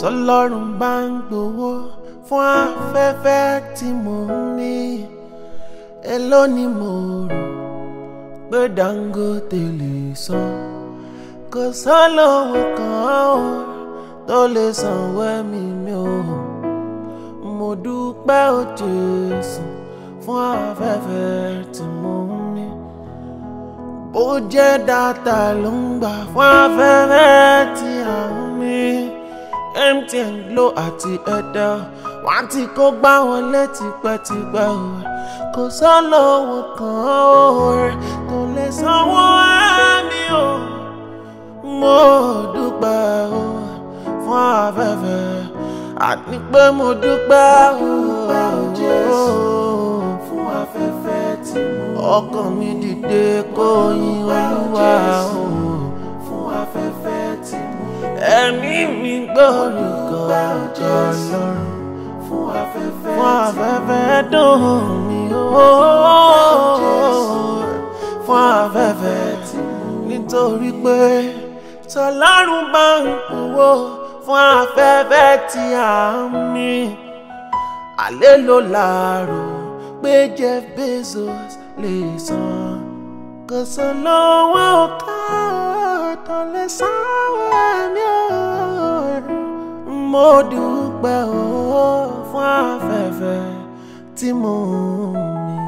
tọlọ́run bá ń gbowó fún afẹ́fẹ́ tí mò ń mí èló ni mo rò pé Dangote lè san kò sálówó kan o tó lè sanwó ẹ̀mí mi o mo dúpẹ́ o Jésù fún afẹ́fẹ́ tí mò ń mí bó jẹ́ dátà ló ń gbà fún afẹ́fẹ́ MTN Glo àti Airtel wọ́n ti kó gbá wọlé tipẹ́tipẹ́ o kò sọ́lọ́wọ́ kan o kò lè sanwó àmì o mo dúpẹ́ o fún afẹ́fẹ́ àti pé mo dúpẹ́ o fún afẹ́fẹ́ tí mo ọkàn mi dìde kó yin olúwa o ẹ̀mí mi gbórúkọ Jésù fún afẹ́fẹ́ dùn mí ooo fún afẹ́fẹ́ tí nítorí pé tọ́lọ́run bá ń kúwó fún afẹ́fẹ́ tí a ń mí àlẹ́ ló láàrò pé Jeff Bezos lè san kò sọ lọ́wọ́ ọ̀ká ọ̀tọ̀ lẹ́sàn-án mo dúpẹ́ o fún afẹ́fẹ́ tí mo mí.